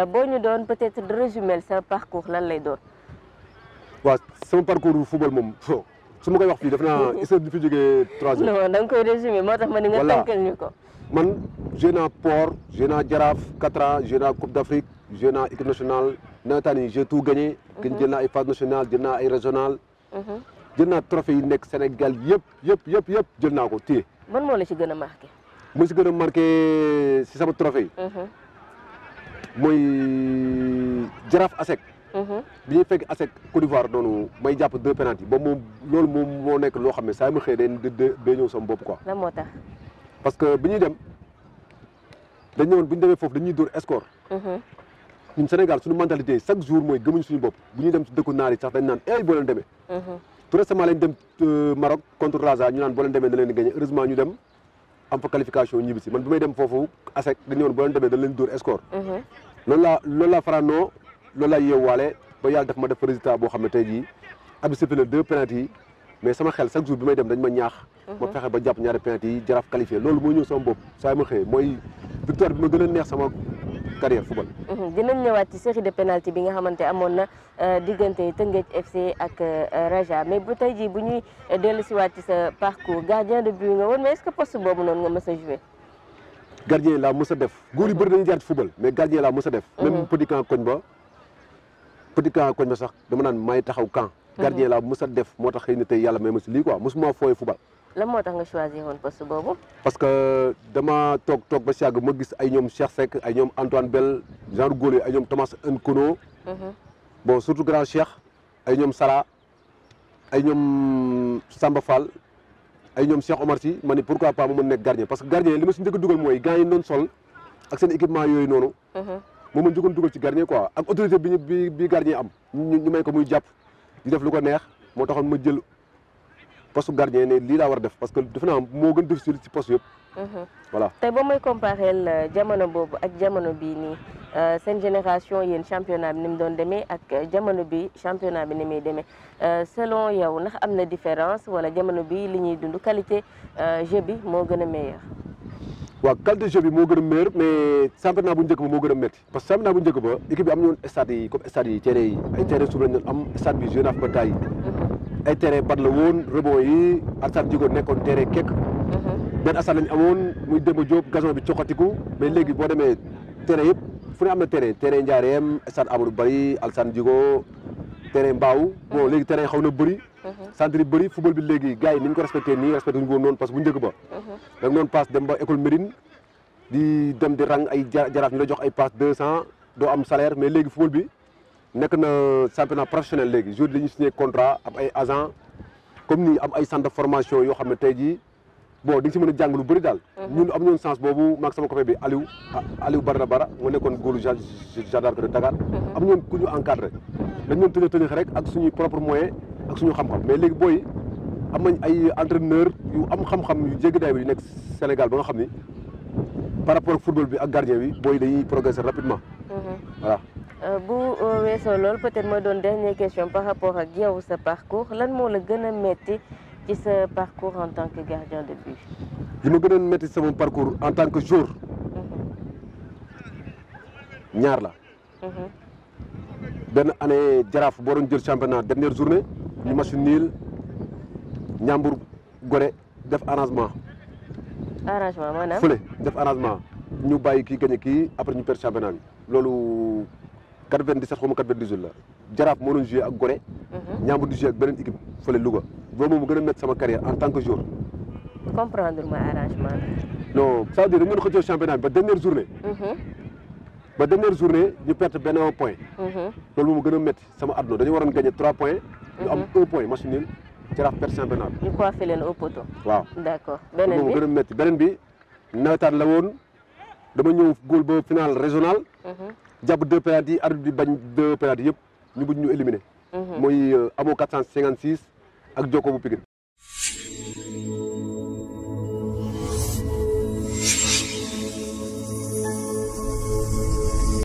Euh, boo ñu peut-être résumer sa parcours lan lay son parcours parcours football mon, ans. non résumer Port ans Coupe d'Afrique j'ai équipe nationale j'ai tout gagné. Je mhm. jël ay phase nationale ay régional. Mhm. trophée Sénégal marqué. marqué trophée mooy Jaraaf Asec. Mhm. bi ñuy fekk Asec Côte d'Ivoire noonu may jàpp deux penalty ba moom moo nekk loo xam ne saa yi ma xëy day day ñëw sama bopp quoi. parce que bi ñuy dem dañ ne bu ñu demee foofu dañuy dóor score. Mhm. ñun Sénégal suñu mentalité chaque jour mooy gëmuñ suñu bopp bu ñuy dem si dëkku naar yi sax dañ naan ay eh boo leen demee. Mhm. tout récemment lañ dem euh, Maroc contre Raza ñu naan boo demee na leen di gagné ñu dem. am fa qualification ñibbi si man bi may dem foofu ASEC dañu woon boo leen demee dañ leen dóor score mhm. loolu laa faraanoo loolu laa yeewaale ba yàlla daf ma def résultat boo xam ne tey jii abi sifile deux penalty yi mais sama xel chaque jour bi may dem dañ ma ñaax mhm. ma fexe ba jàpp ñaari penalty yi jaraaf qualifié loolu moo ñëw sama bopp saa yi ma xëyee mooy victoire bi ma gën a neex sama carrière football. Mhm. dinañ ñëwaat ci série de penalty bi nga xamante amoon na euh, diggante Tëngéej FC ak euh, Raja mais bu tey jii bu ñuy dellusiwaat ci sa parcours gardien de but nga woon mais est-ce que poste boobu noonu nga mës a gardien laa mës a def góor yi mhm. bëri dañu jaar ci football mais gardien laa mës a def. Mhm. même petit camp koñ ba petit camp koñ ba sax dama naan may taxaw camp. gardien laa mës def moo tax xëy na tey yàlla may ma si lii quoi mosuma fooy football. lan moo tax nga choisir woon poste boobu. parce que dama toog toog ba si ma gis ay ñoom Cheikh Seck ay ñoom Antoine Bell genre góor yi ay ñoom Thomas Nkono. Mhm. bon surtout grand Cheikh ay ñoom Sara ay ñoom Samba Fall ay ñoom Cheikh Omar Sy ma ne pourquoi pas mu mën nekk gardien parce que gardien li ma si njëkk a dugal mooy sol ak seen équipement yooyu noonu. moo mhm. ma njëkkoon dugal ci gardien quoi ak autorité bi ñu bi gardien am ñu ñu may ko muy jàpp di def lu ko neex moo taxoon ma jël. poste gardien né li la war def parce que defe naa moo gën difficile ci poste yëpp. Mhm. voilà tay ba comparer le jamono bobu ak jamono euh, ni euh sen génération yeen championnat nim doon démé ak jamono bi championnat bi ni démé euh selon yow nak amna différence wala jamono bi li ñuy dund qualité euh jeu bi mo gëna meilleur. wa qualité jeu bi mo gëna meilleur mais championnat bu njëkk ba moo gën a parce que championnat bu njëkk ba équipe bi am ñoon stade yi comme stade yi terrain yi. ay terrain suuf la am stade bi jeune af ba ay terrain bat la woon rebond yi Assane Djigo nekkoon terrain kekk mhm. benn Assane lañ amoon muy Demba Diop gazon bi coxatiku mais léegi boo demee terrain yëpp fu ne am na tere terrain Njaareem stade Amadou Barry Assane Djigo terrain mbaaw bon mhm. léegi terrain xaw na bëri mhm. centre yi bëri football bi léegi gars yi ni ñu ko respecté nii respecté ñu ko noonu que bu njëkk ba da nga doon passe dem ba école Mérine di dem di rang ay jaraaf ñu la jox ay passe deux cent doo am salaire mais léegi football bi nek na championnat professionnel légui jour dañuy signé contrat am ay agent comme ni am ay centre de formation yo xamné tayji tey bon di nga si mën a jàng lu mhm. ñun am ñoon chance bobu maag sama copain bi Aliou Aliou Barra Barra mu nekkoon góorlu gendarme de Dakar. Mhm. am ñoon ku ñu encadré dañ ñoon tëjee tëjee rek ak suñu propre moyen ak suñu xam-xam mais légui boy am nañ ay entraîneur yu am xam-xam yu jégg day bi nek Sénégal ba nga xam ni par rapport ak football bi ak gardien bi boy dañuy progresser rapidement mhm. voilà. Euh, bu euh, weesoo loolu peut-être moi doon dernière question par rapport ak ou sa parcours lan moo le gën a metti ci sa parcours en tant que gardien de but. Je ma gën a metti sama parcours en tant que joueur. Mhm. ñaar la. Ben année jaraaf boo doon championnat dernière journée Le match nul ñambur gore def arrangement. arrangement maanaam Fule def arrangement ñu bàyyi kii gagné kii après ñu perd championnat Lolo 97 xaw ma 98 la jaraaf moo jouer joué ak Gorée. Mhm. ñaamba di joué ak benen équipe fële Louga boobu mo mu gën a mettre sama carrière en tant que joueur. comprendre ma arrangement non ça veut dire dañu doon championnat ba dernière journée. Mhm. ba dernière journée ñu perte benn un point. Mhm. loolu moom mu gëna a sama àdduna dañu waroon gagner 3 points. ñu am 1 point match nul jaraaf perte championnat bi. ñu coiffé leen au poteau. waaw d'accord benen bi mo gëna gën benen métti beneen bi nawetaan la won dama ñëw góol ba final régional jàpp deux pénalty yi arbitre bi bañ deux pénalty yëpp ñu buñ ñu éliminé. mooy amoo 456 ak Jokko bu Pikine.